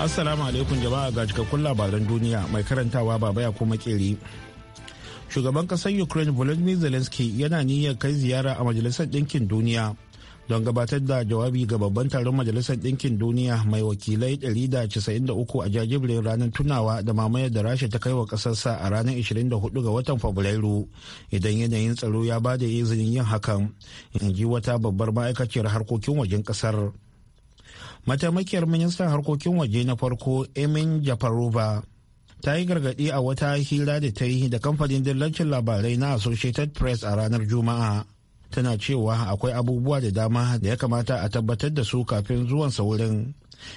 Assalamu alaikum jama'a ga cikakkun labaran duniya mai karantawa baba ya kuma kiri. Shugaban kasar Ukraine Volodymyr Zelensky yana niyyar kai ziyara a Majalisar Ɗinkin Duniya don gabatar da jawabi ga babban taron Majalisar Ɗinkin Duniya mai wakilai 193 a jajibirin ranar tunawa da mamayar da Rasha ta kai wa ƙasarsa a ranar 24 ga watan Fabrairu idan yanayin tsaro ya bada izinin yin hakan, in ji wata babbar ma'aikaciyar harkokin wajen kasar. mataimakiyar ministan harkokin waje na farko emin jafarova ta yi gargaɗi a wata hira da ta yi da kamfanin dillancin labarai na associated press a ranar juma'a tana cewa akwai abubuwa da dama da ya kamata a tabbatar da su kafin zuwan wurin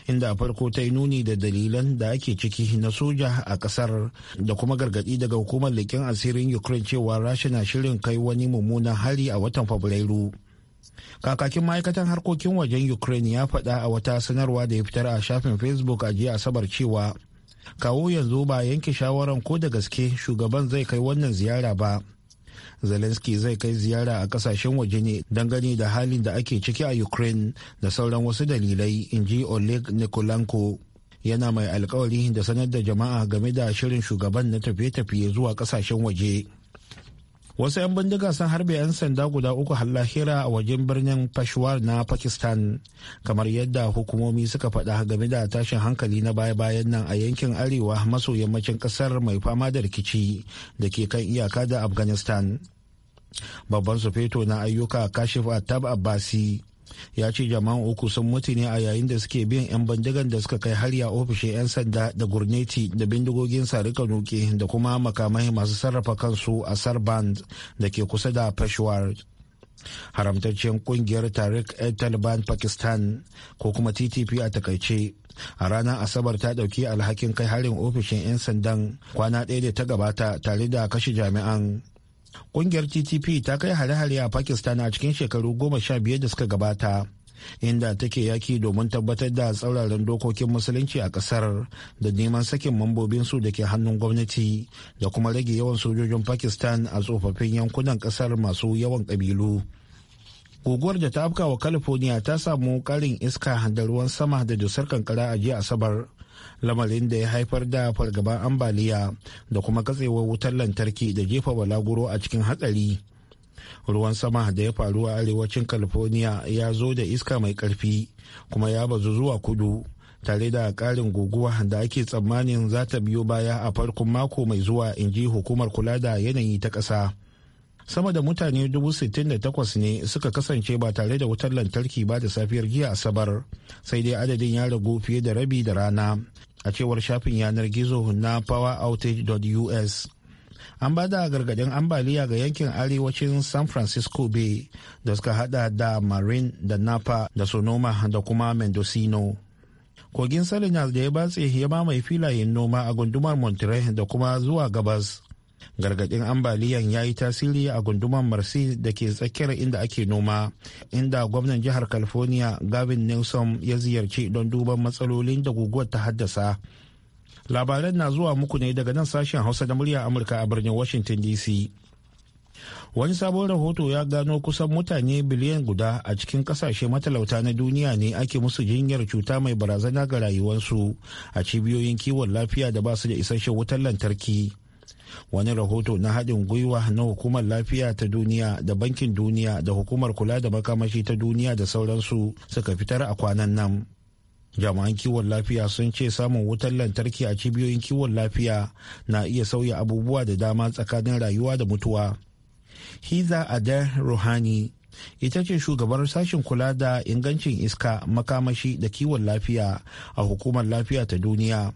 inda a farko ta yi nuni da dalilan da ake ciki na soja a kasar da kuma gargaɗi daga hukumar leƙen asirin ukraine cewa rasha na shirin kai wani mummunan hari a watan fabrairu kakakin ma'aikatan harkokin wajen ukraine ya faɗa a wata sanarwa da ya fitar a shafin facebook a jiya asabar cewa kawo yanzu ba yanke shawaran ko da gaske shugaban zai kai wannan ziyara ba zelensky zai kai ziyara a kasashen waje ne dangane da halin da ake ciki a ukraine da sauran wasu dalilai in ji oleg nikolanko yana mai alkawari da sanar da jama'a game da shirin shugaban na tafiye-tafiye zuwa kasashen waje. wasu 'yan bindiga sun harbe 'yan sanda guda uku hallahira a wajen birnin peshawar na pakistan kamar yadda hukumomi suka faɗa game da tashin hankali na baya-bayan nan a yankin arewa maso yammacin ƙasar mai fama da rikici da ke kan iyaka da afghanistan babban sufeto na ayyuka kashif attab abbasi ya ce jama'an uku sun mutu ne a yayin da suke bin 'yan bandigan da suka kai har ya ofishin 'yan sanda da gurneti da bindigogin sarika nuke da kuma makamai masu sarrafa kansu a sarband da ke kusa da peshawar haramtaccen kungiyar tariq taliban pakistan ko kuma ttp a takaice a ranar asabar ta dauki alhakin kai harin ofishin 'yan sandan kwana ɗaya da ta gabata tare da kashe jami'an Ƙungiyar TTP ta kai hare-hare a Pakistan a cikin shekaru goma sha biyar da suka gabata. inda take yaki domin tabbatar da tsauraran dokokin musulunci a kasar da neman sakin mambobin su da ke hannun gwamnati da kuma rage yawan sojojin pakistan a tsofaffin yankunan kasar masu yawan kabilu guguwar da ta afka wa california ta samu karin iska da ruwan sama da dusar kankara a jiya asabar lamarin da ya haifar da fargaban ambaliya da kuma katsewar wutar lantarki da jefa balaguro a cikin hatsari ruwan sama da ya faru a arewacin california ya zo da iska mai karfi kuma ya bazu zuwa kudu tare da karin guguwa da ake tsammanin za ta biyo baya a farkon mako mai zuwa in ji hukumar kula da yanayi ta ƙasa sama da mutane dubu takwas ne suka kasance ba tare da wutar lantarki ba da safiyar giya asabar sai dai adadin ya ragu fiye da rabi da rana a cewar shafin yanar gizo na poweroutage.us an ba da gargadin ambaliya ga yankin arewacin san francisco bay da suka hada da marin da napa da sonoma da kuma mendocino kogin salinas da ya batse ya mamaye filayen noma a gundumar monterey da kuma zuwa gabas gargaɗin ambaliyan ya yi tasiri a gunduman marsi da ke tsakiyar inda ake noma inda gwamnan jihar california gavin newsom ya ziyarci don duban matsalolin da guguwar ta haddasa labaran na zuwa muku ne daga nan sashen hausa da murya amurka a birnin washington dc wani sabon rahoto ya gano kusan mutane biliyan guda a cikin kasashe matalauta na duniya ne ake musu jinyar cuta mai barazana ga rayuwarsu a cibiyoyin kiwon lafiya da ba su da isasshen wutar lantarki wani rahoto na haɗin gwiwa na hukumar lafiya ta duniya da bankin duniya da hukumar kula da makamashi ta duniya da sauransu suka fitar a kwanan nan jami'an kiwon lafiya sun ce samun wutar lantarki a cibiyoyin kiwon lafiya na iya sauya abubuwa da dama tsakanin rayuwa da mutuwa hiza adar ruhani ita ce shugabar sashen kula da ingancin iska makamashi da kiwon lafiya a hukumar lafiya ta duniya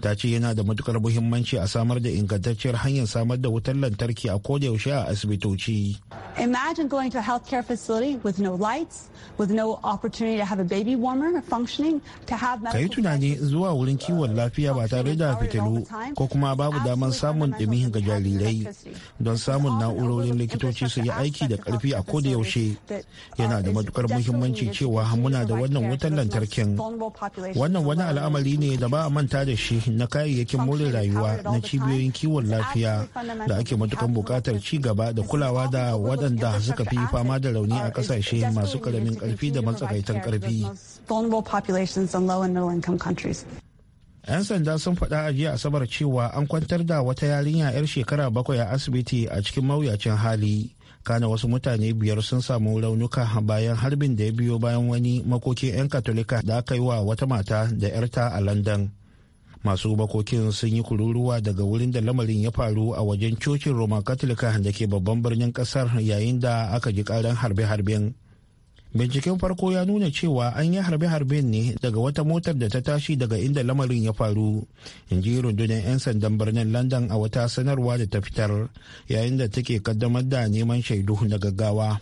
ta ce yana da matukar muhimmanci a samar da ingantacciyar hanyar samar da wutar lantarki a koda yaushe a asibitoci. Imagine going to a healthcare facility with no lights, with no opportunity to have a baby warmer functioning, to have Ka yi tunani zuwa wurin kiwon lafiya ba tare da fitilu ko kuma babu damar samun ɗumi ga jarirai don samun na'urorin likitoci su yi aiki da ƙarfi a koda yaushe uh, Yana da matukar muhimmanci cewa muna da wannan wutar lantarkin. Wannan wani al'amari ne da ba a manta da shi shi na kayayyakin more rayuwa na cibiyoyin kiwon lafiya da ake matukan bukatar ci gaba da kulawa da waɗanda suka fi fama da rauni a ƙasashe masu ƙaramin ƙarfi da matsakaitan ƙarfi. 'yan sanda sun faɗa a jiya asabar cewa an kwantar da wata yarinya 'yar shekara bakwai a asibiti a cikin mawuyacin hali kana wasu mutane biyar sun samu raunuka bayan harbin da ya biyo bayan wani makokin 'yan katolika da aka yi wa wata mata da 'yarta a london masu makokin sun yi kururuwa daga wurin da lamarin ya faru a wajen cocin roman katolika da ke babban birnin kasar yayin da aka ji karin harbe-harben binciken farko ya nuna cewa an yi harbe-harben ne daga wata motar da ta tashi daga inda lamarin ya faru in ji rundunar 'yan sandan birnin london a wata sanarwa da ta fitar yayin da take kaddamar da neman shaidu na gaggawa.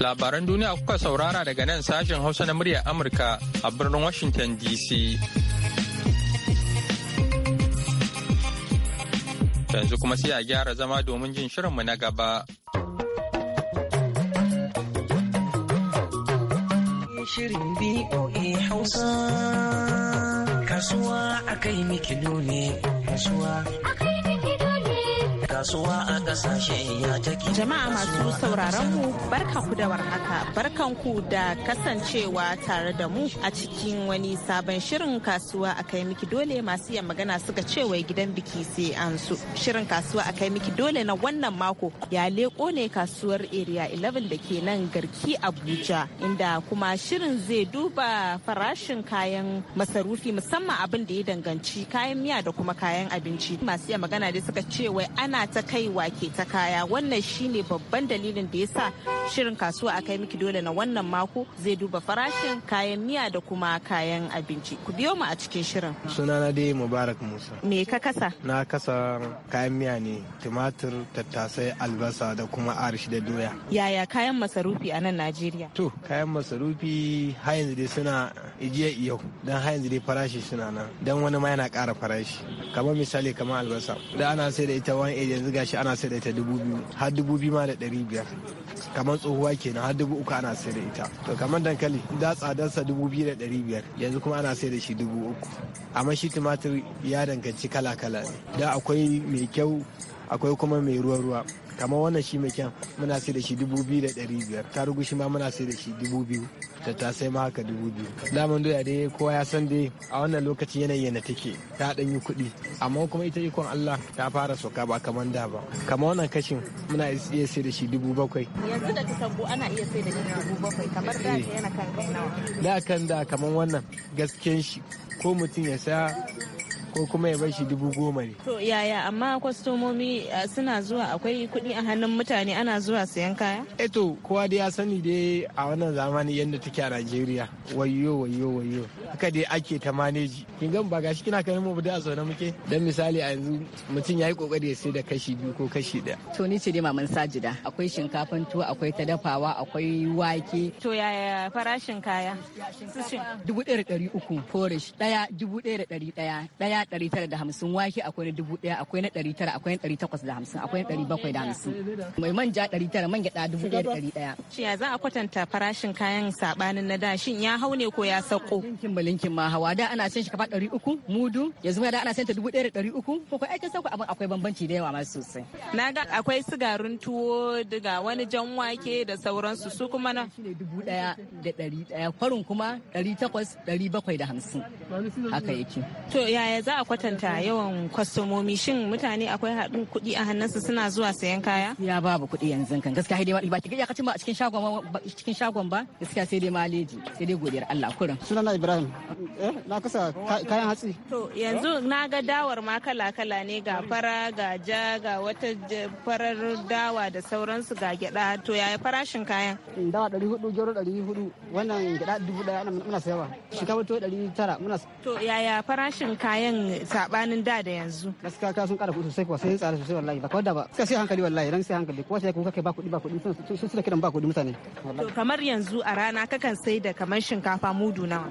Labaran duniya kuka saurara daga nan sashen Hausa na muryar Amurka a birnin Washington DC. Yanzu kuma sai a gyara zama domin jin shirinmu na gaba. Shirin Hausa Kasuwa a kai ne Kasuwa kasuwa a kasashe ya take jama'a masu sauraron mu ku da warhaka barkanku da kasancewa tare da mu a cikin wani sabon shirin kasuwa a kai miki dole masu yin magana suka ce wai gidan biki sai an su shirin kasuwa a kai miki dole na wannan mako ya leko ne kasuwar area 11 da ke nan garki abuja inda kuma shirin zai duba farashin kayan masarufi musamman abin da ya danganci kayan miya da kuma kayan abinci masu yin magana dai suka ce wai ana ana ta kaiwa ke ta kaya wannan shine babban dalilin da ya sa shirin kasuwa a kai miki dole na wannan mako zai duba farashin kayan miya da kuma kayan abinci ku biyo mu a cikin shirin sunana dai mubarak musa me ka kasa na kasa kayan miya ne tumatir tattasai albasa da kuma arshi da doya yaya kayan masarufi a nan najeriya to kayan masarufi har yanzu dai suna jiya yau don har yanzu dai farashi suna nan don wani ma yana ƙara farashi kamar misali kamar albasa da ana sai da ita wani iri yanzu gashi ana sai da ita dubu biyu har dubu biyu ma da dari biyar kamar tsohuwa kenan har dubu uku ana sai da ita to kamar dankali da tsadarsa dubu biyu da dari biyar yanzu kuma ana sai da shi dubu uku amma shi tumatir ya danganci kala-kala ne da akwai mai kyau akwai kuma mai ruwa-ruwa kamar wannan shi mai kyan muna sai da shi dubu biyu da ɗari biyar tarugu shi ma muna sai da shi dubu biyu da ta sai ma haka dubu biyu daman doya dai kowa ya san dai a wannan lokacin yanayi na take ta dan yi kuɗi amma kuma ita ikon Allah ta fara soka ba kamar da ba kamar wannan kashin muna iya sai da shi dubu bakwai yanzu da kasambu ana iya sai da shi dubu bakwai kamar da eh. yana kan kai nawa da kan da kamar wannan gaskiyan shi ko mutum ya sa. ko kuma ya bar shi dubu goma ne. To yaya amma kwastomomi eh, suna zuwa akwai kuɗi a hannun mutane ana zuwa sayan kaya? Eto, eh to kowa da ya sani dai a wannan zamani yadda take a Najeriya wayo wayo wayo haka dai ake ta maneji. Kin gan ba gashi kina kanin mu da a zaune muke dan misali a yanzu mutum yayi kokari ya sai da kashi biyu ko kashi ɗaya. To ni ce dai maman sajida akwai shinkafan tuwo akwai ta dafawa akwai wake. To yaya farashin kaya? Dubu ɗaya da ɗari uku kore ɗaya dubu ɗaya da ɗari ɗaya ɗaya na 950 wake akwai na akwai na akwai na akwai na hamsin mai manja tara man ɗari shi ya za a kwatanta farashin kayan sabanin na da shin ya hau ne ko ya sauko linkin ba linkin ma hawa da ana cin shi kafa 300 mudu da ana cin ta 1300 ko ko ai abin akwai bambanci da yawa ma sosai na ga akwai sigarin tuwo daga wani jan wake da sauransu su kuma na dubu ɗaya da ɗari ɗaya kwarin kuma ɗari takwas ɗari bakwai da hamsin haka yake to yaya za a kwatanta yawan kwastomomi shin mutane akwai haɗin kuɗi a hannunsu suna zuwa sayan kaya? Ya babu kuɗi yanzu kan gaskiya sai dai ma ba gaya kacin ba a cikin shagon ba cikin shagon ba gaskiya sai dai maleji sai dai godiyar Allah kurin. Sunana Ibrahim. Eh na kasa kayan hatsi. To yanzu na ga dawar ma kala kala ne ga fara ga ja ga wata farar dawa da sauransu ga gyaɗa to yaya farashin kayan? Dawa ɗari hudu gero ɗari hudu wannan gyaɗa dubu ɗaya muna sayawa. Shinkafa to ɗari tara muna. To yaya farashin kayan sabanin da da yanzu gaskiya ka sun kara kuɗi sosai ko sai tsare sosai wallahi ba ko da ba suka sai hankali wallahi ran sai hankali ko sai kuka kai ba kudi ba kudi sun suka kiran ba kudi mutane to kamar yanzu a rana kakan sai da kamar shinkafa mudu nawa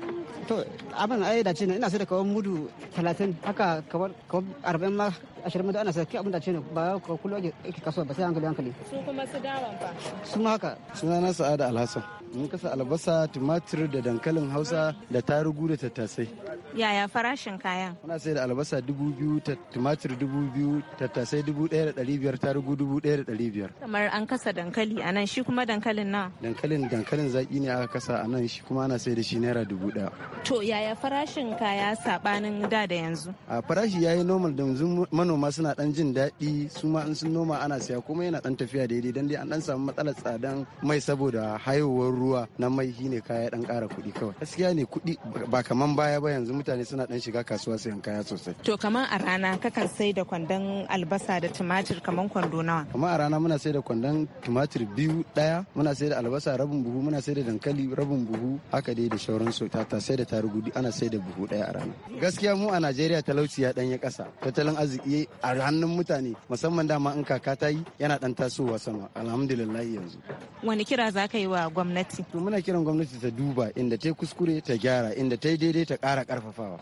to abin ai da ce ina sai da kawai mudu 30 haka kawar 40 ma ashirin da ana sarki abin da ce ne ba kullum ake kasuwa ba sai hankali hankali su kuma su dawan ba. su ma haka sunana sa'ada alhassan mun kasa albasa tumatir da dankalin hausa da tarugu da tattasai yaya farashin kayan muna sai da albasa dubu biyu tumatir dubu biyu tattasai dubu ɗaya da ɗari biyar tarugu dubu ɗaya da ɗari biyar kamar an kasa dankali a nan shi kuma dankalin na dankalin dankalin zaƙi ne aka kasa a nan shi kuma ana sai da shi naira dubu ɗaya to yaya farashin kaya saɓanin da da yanzu a farashi yi normal da yanzu manoma suna ɗan jin daɗi su ma in sun noma ana saya kuma yana ɗan tafiya daidai dan dai an ɗan samu matsalar tsadan mai saboda hayowar ruwa na mai shine kaya dan kara kuɗi kawai gaskiya ne kuɗi ba kaman baya ba yanzu mutane suna dan shiga kasuwa sayan kaya sosai to kaman a rana kakan sai da kwandon albasa da tumatir kaman kwando nawa kaman a rana muna sai da kwandon tumatir biyu daya muna sai da albasa rabin buhu muna sai da dankali rabin buhu haka dai da shauran ta ta sai da tarugudi ana sai da buhu daya a rana gaskiya mu a Najeriya talauci ya danye kasa tattalin arziki a hannun mutane musamman dama in kaka ta yi yana dan tasowa sama alhamdulillah yanzu wani kira za ka yi wa gwamnati taxi. to muna kiran gwamnati ta duba inda ta kuskure ta gyara inda ta daidai ta kara karfafawa.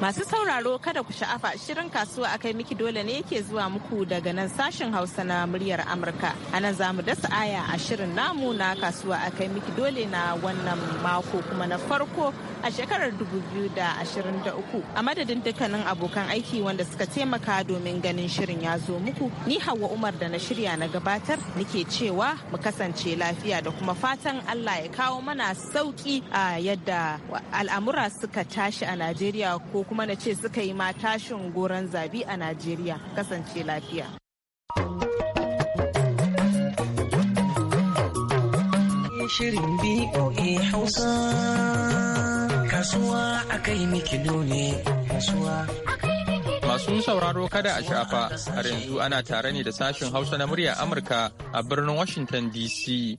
masu sauraro kada ku sha'afa shirin kasuwa akai miki dole ne yake zuwa muku daga nan sashen hausa na muryar amurka a nan za mu dasa aya a shirin namu na kasuwa akai miki dole na wannan mako kuma na farko a shekarar 2023 a madadin dukkanin abokan aiki wanda suka taimaka domin ganin shirin ya zo muku ni hawa umar da na shirya na gabatar nike cewa mu kasance lafiya da kuma fatan Allah ya kawo mana sauki a yadda al'amura suka tashi a Najeriya ko kuma na ce suka yi ma tashin goron zabi a Najeriya kasance lafiya. Shirin BOA Hausa kasuwa mikido ne kasuwa Masu sauraro kada a shafa har yanzu ana tare ne da sashin Hausa na murya Amurka a birnin Washington DC.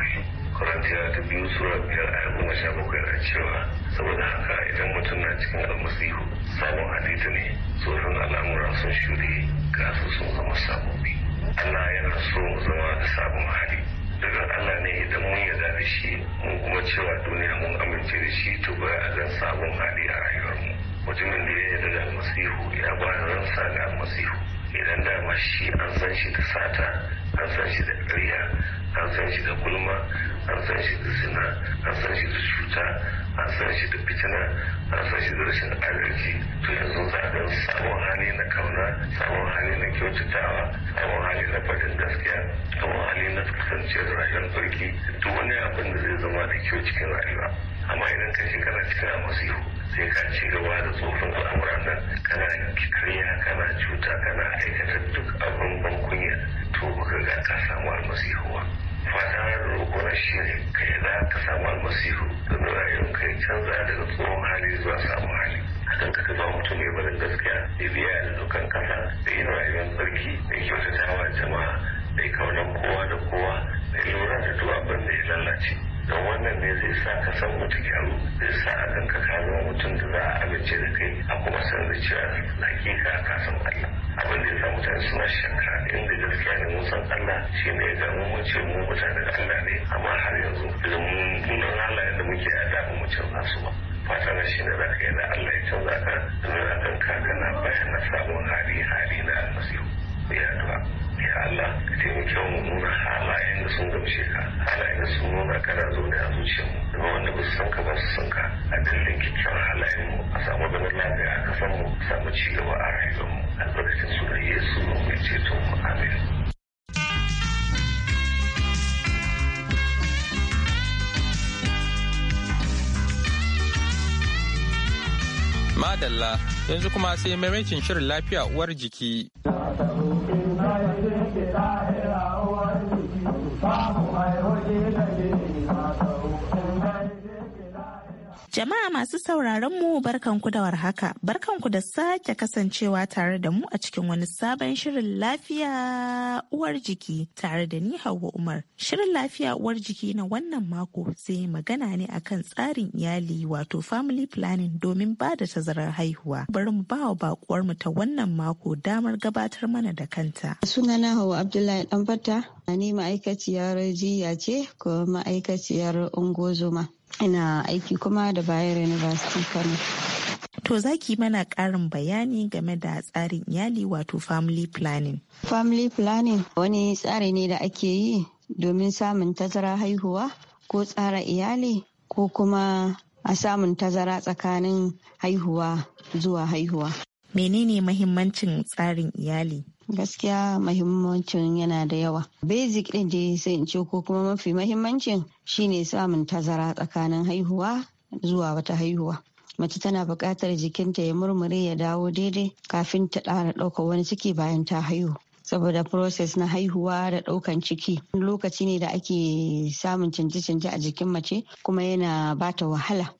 Korintiya ta biyu sura biyar a goma sha bakwai na cewa saboda haka idan mutum na cikin almasihu sabon halitta ne tsoron al'amura sun shuɗe gasu sun zama sabobi. Allah yana so mu zama da sabon hali. Daga Allah ne idan mun yarda da shi mun kuma cewa duniya mun amince da shi to baya a zan sabon hali a rayuwarmu. Mutumin da ya yarda da almasihu ya ba ransa ga almasihu. Idan dama shi an san shi da sata, an san shi da ƙarya, an san shi da gulma, an san shi da zina an san shi da cuta an san shi da fitina an san shi da rashin adalci to yanzu za a sabon hali na kauna sabon hali na kyautatawa sabon hali na fadin gaskiya sabon hali na kasancewar rayuwar farki duk wani abin da zai zama da kyau cikin rayuwa amma idan ka kana cikin amasihu sai ka ci gaba da tsofin al'amuran nan kana karya kana cuta kana aikata duk abin ban kunya to baka ga ka samu almasihuwa fatar na shi ne kai za ka samu almasihu domin rayuwar kai canza daga tsohon hali zuwa samun hali hakan ka zama mutum mai barin gaskiya da biya da dukan kasa da yin rayuwar tsarki da kyautata wa jama'a da kaunan kowa da kowa da lura da duk abin da ya lalace da wannan ne zai sa ka san wata kyaru. zai sa a ganka ka zama mutum da za a amince da kai a kuma san da cewa hakika ka san Allah abin da ya sa mutane suna shakka inda gaskiya ne mun san Allah shi ne ya mu mun ce mu mutane da Allah ne amma har yanzu da nuna halayen da muke a da mu canza su ba fata na shi ne za ka yi da Allah ya canza ka da za ka na bayan na samun hali hali na almasihu ku yi addu'a ya Allah taimake mu nuna halayen da sun gamshe ka halayen da sun nuna kana zaune a zuciyar mu domin wanda ba su san ka ba su san ka a dalilin kyakkyawan halayen mu a samu zaman lafiya a kasan mu samu ci gaba a rayuwar mu albarkacin sunan Yesu mai ceto mu amin Madalla yanzu kuma sai maimakin shirin lafiya uwar jiki. Babu Jama'a masu sauraron mu barkanku da warhaka, barkanku da sake kasancewa tare da mu a cikin wani sabon shirin lafiya uwar jiki tare da ni Hauwa Umar. Shirin lafiya uwar jiki na wannan mako sai magana ne akan tsarin iyali wato family planning domin ba da tazarar haihuwa. Bari mu bawa bakuwar mu ta wannan mako damar gabatar mana da kanta. Sunana Hauwa Abdullahi Danfata, ni ma'aikaciyar jiya ce ko ma'aikaciyar ungozoma. ina aiki kuma da bayar university kano To za ki mana ƙarin bayani game da tsarin iyali wato family planning. Family planning wani tsari ne da ake yi domin samun tazara haihuwa ko tsara iyali ko kuma a samun tazara tsakanin haihuwa zuwa haihuwa. Menene mahimmancin tsarin iyali? gaskiya mahimmancin yana da yawa basic din je sai in ce ko kuma mafi mahimmancin shine samun tazara tsakanin haihuwa zuwa wata haihuwa mace tana buƙatar jikinta ya murmure ya dawo daidai kafin ta ɗara ɗaukar wani ciki bayan ta haihu saboda process na haihuwa da ɗaukan ciki lokaci ne da ake samun canje-canje a jikin mace kuma yana bata wahala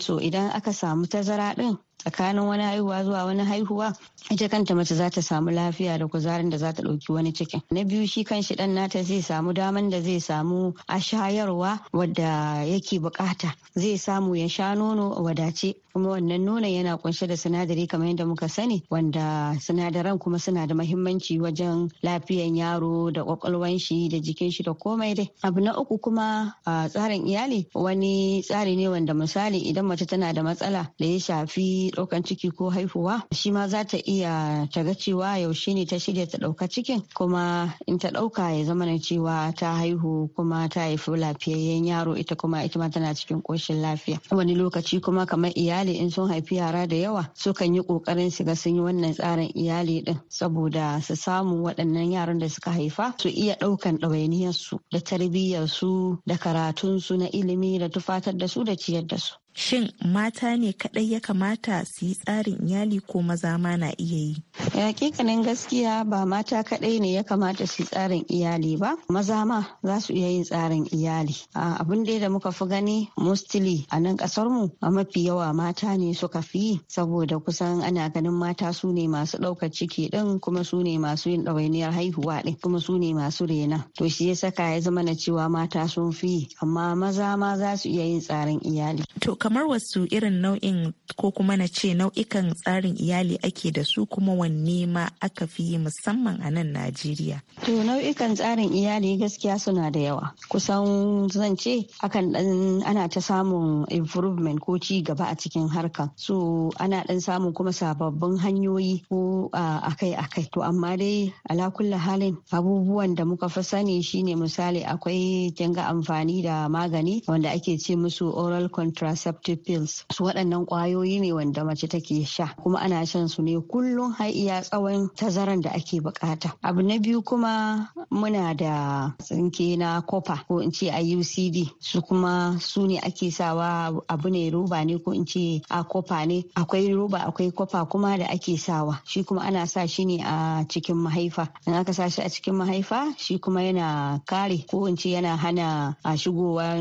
so idan aka samu tazara ɗin tsakanin wani haihuwa zuwa wani haihuwa ita kanta mace za ta samu lafiya da kuzarin da za ta ɗauki wani cikin na biyu shi kan shi ɗan nata zai samu daman da zai samu a shayarwa wadda yake bukata zai samu ya sha nono a wadace kuma wannan nonon yana kunshe da sinadari kamar yadda muka sani wanda sinadaran kuma suna da mahimmanci wajen lafiyan yaro da kwakwalwan shi da jikin shi da komai dai abu na uku kuma tsarin iyali wani tsari ne wanda misali idan mace tana da matsala da ya shafi daukan ɗaukan ciki ko haihuwa shi ma za ta iya ta ga cewa yaushe ne ta shirya ta ɗauka cikin kuma in ta ɗauka ya zama na cewa ta haihu kuma ta haifi lafiyayyen yaro ita kuma ita ma tana cikin koshin lafiya wani lokaci kuma kamar iyali in sun haifi yara da yawa sukan yi ƙoƙarin su ga sun yi wannan tsarin iyali din saboda su samu waɗannan yaran da suka haifa su iya ɗaukan ɗawainiyarsu da tarbiyyarsu da karatunsu na ilimi da tufatar da su da ciyar da su shin mata ne kaɗai ya kamata su yi tsarin iyali ko maza ma na iya yi eh, hakikanin gaskiya ba mata kaɗai ne ya kamata su yi tsarin iyali ba maza ma za su iya yin tsarin iyali abin da muka fi gani mostly a nan ƙasarmu a mafi yawa mata ne suka fi saboda kusan ana ganin mata su ne masu ɗaukar ciki ɗin kuma su ne masu yin ɗawainiyar haihuwa ɗin kuma su ne masu rena to shi ya saka ya zama na cewa mata sun fi amma maza ma za su iya yin tsarin iyali kamar wasu irin nau'in ko kuma na ce nau'ikan tsarin iyali ake da su kuma wanne ma aka fi yi musamman a nan Najeriya? To nau'ikan tsarin iyali gaskiya suna da yawa. Kusan zan ce akan dan ana ta samun improvement ko ci gaba a cikin harkan. So ana dan samun kuma sababbin hanyoyi ko akai-akai. To amma dai alakulla halin abubuwan da muka fi sani shine misali akwai kinga amfani da magani wanda ake ce musu oral contraceptive contraceptive pills su waɗannan ƙwayoyi ne wanda mace take sha kuma ana shan su ne kullum har iya tsawon tazaran da ake bukata abu na biyu kuma muna da tsinke na kofa ko in ce IUCD su kuma su ne ake sawa abu ne roba ne ko in ce a kofa ne akwai roba akwai kofa kuma da ake sawa shi kuma ana sa shi ne a cikin mahaifa in aka sa shi a cikin mahaifa shi kuma yana kare ko in ce yana hana a shigowar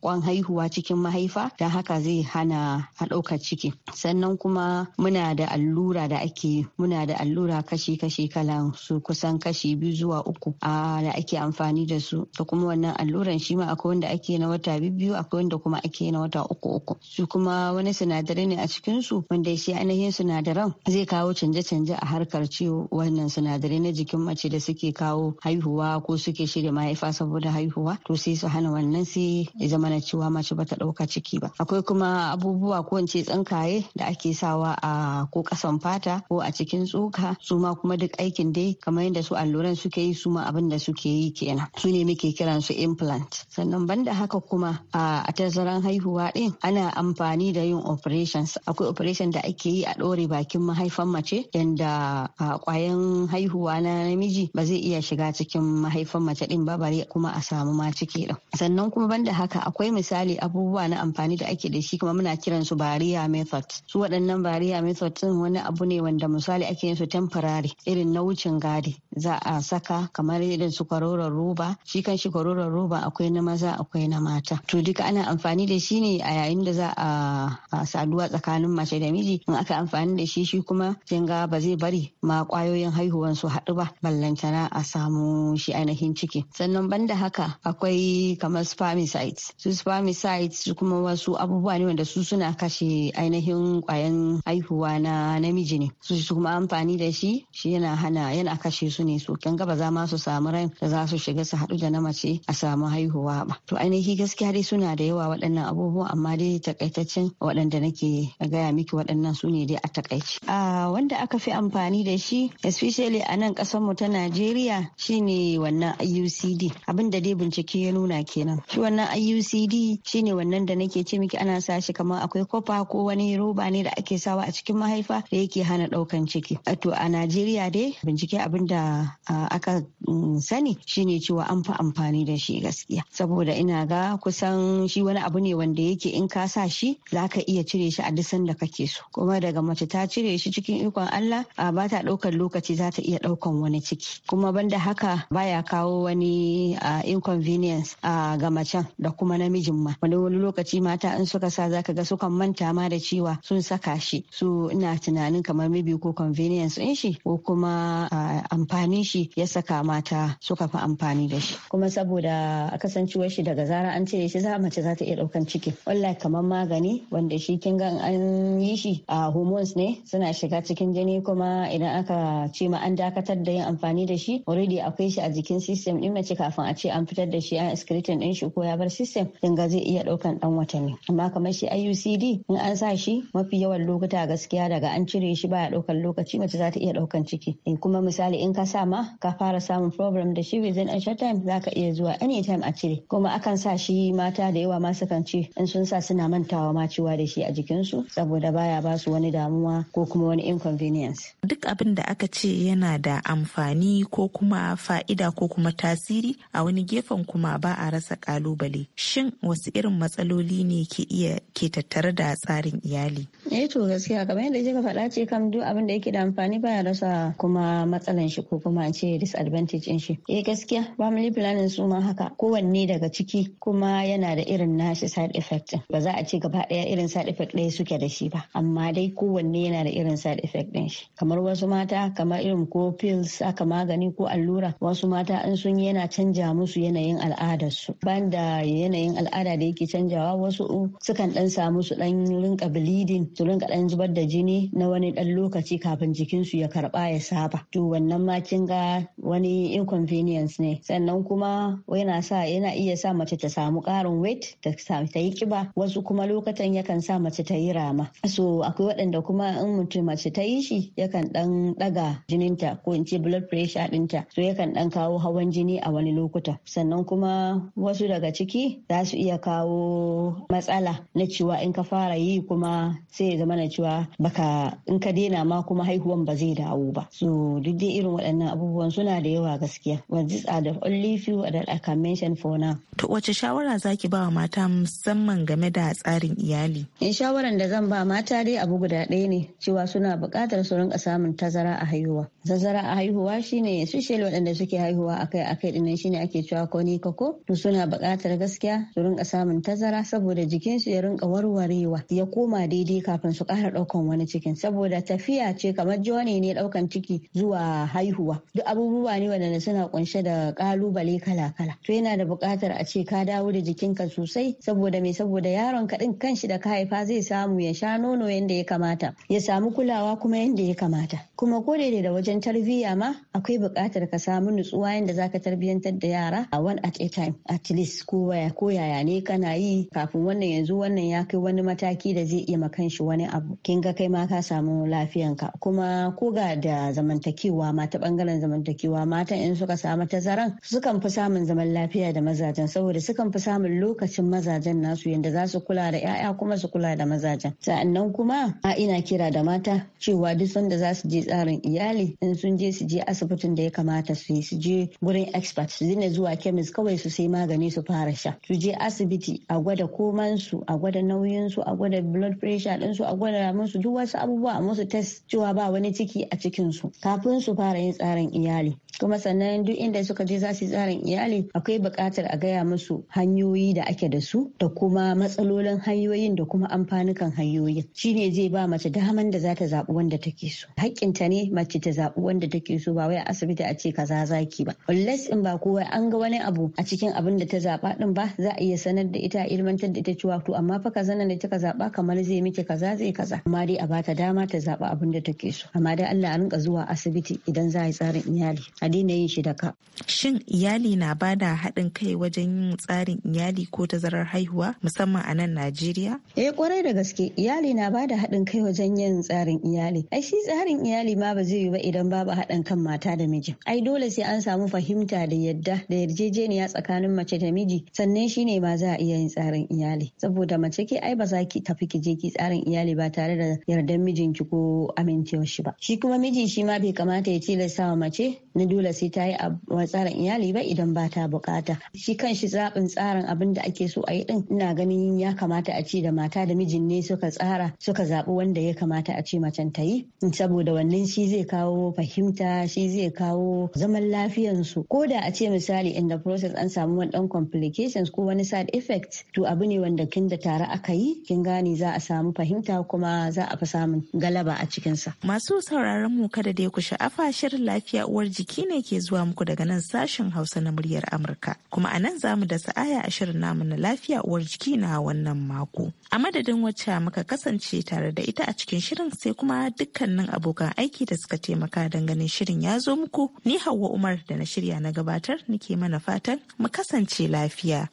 kwan haihuwa cikin mahaifa don haka haka zai hana a ɗaukar ciki sannan kuma muna da allura da ake muna da allura kashi-kashi kala su kusan kashi biyu zuwa uku a da ake amfani da su da kuma wannan alluran shi ma akwai wanda ake na wata biyu akwai wanda kuma ake na wata uku uku su kuma wani sinadarai ne a cikin su wanda shi ainihin sinadaran zai kawo canje-canje a harkar ciwo wannan sinadarai na jikin mace da suke kawo haihuwa ko suke shirya mahaifa saboda haihuwa to sai su hana wannan sai ya zama na cewa mace bata ɗauka ciki ba akwai kuma abubuwa ko in ce tsinkaye da ake sawa a ko kasan fata ko a cikin tsoka su ma kuma duk aikin dai kamar yadda su alluran suke yi su ma abin da suke yi kenan su ne muke kiran su implant sannan banda haka kuma a tazaran haihuwa din ana amfani da yin operations akwai operation da ake yi a ɗore bakin mahaifan mace yanda kwayan haihuwa na namiji ba zai iya shiga cikin mahaifan mace din ba bare kuma a samu ma ciki din sannan kuma banda haka akwai misali abubuwa na amfani da ake ake da shi kuma muna kiran su bariya method su waɗannan bariya method sun wani abu ne wanda misali ake yin su temporary irin na wucin gadi za a saka kamar irin su kwaroron roba shi kan shi kwaroron roba akwai na maza akwai na mata to duka ana amfani da shi ne a yayin da za a saduwa tsakanin mace da miji in aka amfani da shi shi kuma jinga ba zai bari ma kwayoyin haihuwan su haɗu ba ballantana a samu shi ainihin ciki sannan banda haka akwai kamar spermicides su spermicides kuma wasu abu abubuwa ne wanda su suna kashe ainihin kwayan haihuwa na namiji ne su su kuma amfani da shi shi yana hana yana kashe su ne so kan gaba za ma su samu rai da za su shiga su haɗu da na mace a samu haihuwa ba to ainihi gaskiya dai suna da yawa waɗannan abubuwa amma dai takaitaccen waɗanda nake gaya miki waɗannan su ne dai a takaici a wanda aka fi amfani da shi especially a nan mu ta Najeriya shine wannan IUCD abinda dai bincike ya nuna kenan shi wannan IUCD shine wannan da nake ce miki ana sa shi kamar akwai kofa ko wani roba ne da ake sawa a cikin mahaifa da yake hana daukan ciki to a najeriya dai bincike abinda da aka mm, sani shine cewa an fi amfani da shi gaskiya saboda ina ga kusan shi wani abu ne wanda yake in ka sa shi zaka iya cire shi a duk sanda kake so kuma daga mace ta cire shi cikin ikon Allah ba ta daukar lokaci za ta iya daukan wani ciki kuma banda haka baya kawo wani inconvenience ga macen da kuma namijin ma wani lokaci mata in suka sa zaka ga sukan manta ma da cewa sun saka shi su ina tunanin kamar maybe ko convenience din shi ko kuma amfanin shi ya saka mata suka fi amfani da shi kuma saboda kasancewar shi daga zara an cire shi za mace za ta iya daukan ciki wallahi kamar magani wanda shi kin ga an yi shi a hormones ne suna shiga cikin jini kuma idan aka ce ma an dakatar da yin amfani da shi already akwai shi a jikin system din mace kafin a ce an fitar da shi an excretin din shi ko ya bar system kin ga zai iya daukan dan watanni amma amma kamar shi IUCD in an sa shi mafi yawan lokuta gaskiya daga an cire shi baya daukan lokaci mace za ta iya daukan ciki in eh, kuma misali in ka sa ma ka fara samun problem da shi within a short time za ka iya zuwa anytime a cire kuma akan sa shi mata da yawa ma sukan in sun sa suna mantawa ma ciwa da shi a jikinsu saboda baya ba su wani damuwa ko kuma wani inconvenience duk abin da aka ce yana da amfani ko kuma fa'ida ko kuma tasiri a wani gefen kuma ba a rasa kalubale shin wasu irin matsaloli ne ke iya ke tattare da tsarin iyali eh to gaskiya kamar yadda kika faɗa ce kam duk abin da yake da amfani baya rasa kuma matsalan shi ko kuma ce disadvantage in shi eh gaskiya family planning su ma haka kowanne daga ciki kuma yana da irin nashi side effect ba za a ce gaba ɗaya irin side effect ɗaya suke da shi ba amma dai kowanne yana da irin side effect ɗin shi kamar wasu mata kamar irin ko pills aka magani ko allura wasu mata in sun yana canja musu yanayin al'adarsu banda yanayin al'ada da yake canjawa wasu sukan dan samu su dan rinka bleeding su rinka dan zubar da jini na wani ɗan lokaci kafin jikinsu ya karɓa ya saba to wannan ma kin ga wani inconvenience ne sannan kuma yana sa yana iya sa mace ta samu karin weight ta yi kiba wasu kuma lokacin yakan sa mace ta yi rama so akwai waɗanda kuma in mutum mace ta yi shi yakan dan daga jininta ko in ce blood pressure ɗinta so yakan ɗan kawo hawan jini a wani lokuta sannan kuma wasu daga ciki za su iya kawo matsala na cewa in ka fara yi kuma sai sai ya zama na cewa baka in ka daina ma kuma haihuwan ba zai dawo ba so duk dai irin waɗannan abubuwan suna da yawa gaskiya but these are the only few that I can mention for now to wace shawara zaki ba wa mata musamman game da tsarin iyali in eh, shawaran da zan ba mata dai abu guda ɗaya ne cewa suna buƙatar su rinka samun tazara a haihuwa tazara a haihuwa shine social waɗanda suke haihuwa akai akai nan shine ake cewa ko ni ko to suna buƙatar gaskiya su rinka samun tazara saboda jikinsu ya rinka warwarewa ya koma daidai ka kafin su ƙara ɗaukan wani cikin saboda tafiya ce kamar jone ne ɗaukan ciki zuwa haihuwa duk abubuwa ne waɗanda suna ƙunshe da ƙalubale kala-kala to yana da buƙatar a ce ka dawo da jikinka sosai saboda me saboda yaron ka ɗin kanshi da ka haifa zai samu ya sha nono yadda ya kamata ya samu kulawa kuma yadda ya kamata kuma ko da da wajen tarbiyya ma akwai buƙatar ka samu nutsuwa yadda ka tarbiyyantar da yara a one at a time at least ko yaya ne kana yi kafin wannan yanzu wannan ya kai wani mataki da zai iya makanshi wani abu kin ga kai ma ka samu lafiyanka kuma ko ga da zamantakewa ma bangaren zamantakewa mata in suka samu tazaran sukan fi samun zaman lafiya da mazajen saboda sukan fi samun lokacin mazajen nasu yadda za su kula da 'ya'ya kuma su kula da mazajen sa'annan kuma a ina kira da mata cewa duk sanda za su je tsarin iyali in sun je su je asibitin da ya kamata su yi su je gurin expert su zina zuwa kemis kawai su sai magani su fara sha su je asibiti a gwada komansu a gwada nauyinsu a gwada blood pressure din su a gwada musu duk wasu abubuwa a musu test cewa ba wani ciki a cikin su kafin su fara yin tsarin iyali kuma sannan duk inda suka je za su tsarin iyali akwai buƙatar a gaya musu hanyoyi da ake da su da kuma matsalolin hanyoyin da kuma amfanukan hanyoyin shine zai ba mace daman da za ta zaɓi wanda take so haƙƙinta ne mace ta zaɓi wanda take so ba wai a asibiti a ce kaza zaki ba unless in ba kowa an ga wani abu a cikin abin da ta zaɓa din ba za a iya sanar da ita ilmantar da ita cewa to amma fa kaza nan da kika zaɓa kamar zai miki kaza zai kaza amma dai a bata dama ta zaɓa abin da take so amma dai Allah a rinka zuwa asibiti idan za a yi tsarin iyali a daina yin shi da ka. Shin iyali na bada haɗin kai wajen yin tsarin iyali ko tazarar haihuwa musamman a nan Najeriya? Eh kwarai da gaske iyali na bada haɗin kai wajen yin tsarin iyali. Ai shi tsarin iyali ma ba zai yi ba idan babu haɗin kan mata da miji. Ai dole sai an samu fahimta da yadda da yarjejeniya tsakanin mace da miji sannan shine ma za a iya yin tsarin iyali. Saboda mace ke ai ba za ki tafi ki je ki tsarin iyali ba tare da yardan mijinki ko amincewar shi ba. Shi kuma miji shi ma bai kamata ya tilasta wa mace na dole sai ta yi a tsarin iyali ba idan ba ta bukata shi kan shi zaɓin tsarin abin da ake so a yi din ina ganin ya kamata a ce da mata da mijin ne suka tsara suka zaɓi wanda ya kamata a ce macen ta yi saboda wannan shi zai kawo fahimta shi zai kawo zaman lafiyan su ko da a ce misali in the process an samu wani dan complications ko wani side effect to abu ne wanda kin da tare aka yi kin gane za a samu fahimta kuma za a fi samun galaba a cikinsa masu sauraron mu kada dai ku sha'afa shirin lafiya uwar jiki ne ke zuwa muku daga nan sashen Hausa na muryar Amurka. Kuma a nan zamu da sa'aya a shirin namu na lafiya uwar jiki na wannan mako. A madadin wacce muka kasance tare da ita a cikin shirin sai kuma dukkanin abokan aiki da suka taimaka don ganin shirin ya zo muku ni Hauwa Umar da na shirya na gabatar nake mana fatan mu kasance lafiya.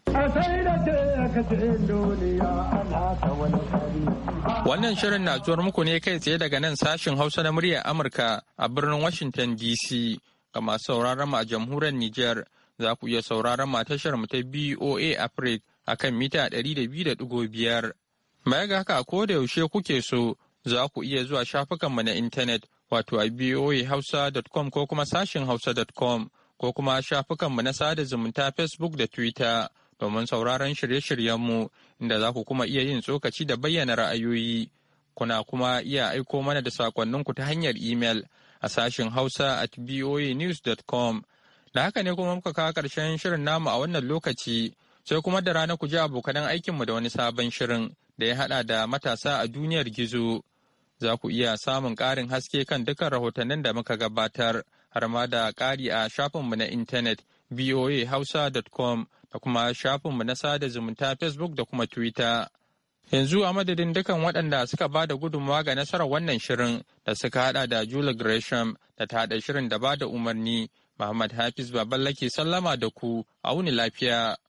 Wannan shirin na zuwar muku ne kai tsaye daga nan sashin Hausa na muryar Amurka a birnin Washington DC Ga masu sauraron mu a jamhuriyar Nijar za ku iya sauraron mu a tashar mu ta BOA Africa a kan mita 200.5. Baya ga haka ko da yaushe kuke so za ku iya zuwa shafukan mu na intanet wato a boahausa.com ko kuma sashin hausa.com ko kuma shafukan mu na sada zumunta Facebook da Twitter domin sauraron shirye-shiryenmu inda za ku kuma iya yin tsokaci da bayyana ra'ayoyi. Kuna kuma iya aiko mana da sakonninku ta hanyar imel a sashen Hausa at voanews.com. Da haka ne kuma muka kawo ƙarshen shirin namu a wannan lokaci, sai kuma da rana ku ji abokanan aikinmu da wani sabon shirin da ya haɗa da matasa a duniyar gizo. Za ku iya samun ƙarin haske kan dukkan rahotannin da muka gabatar, har ma da ƙari a shafinmu na intanet voahausa.com da kuma shafinmu na sada zumunta Facebook da kuma Twitter. Yanzu a madadin dukan waɗanda suka ba da gudunmawa ga nasarar wannan shirin da suka haɗa da julia Gresham da ta haɗa shirin da ba da umarni, Muhammad Hafiz Baballake sallama da ku, a wuni lafiya.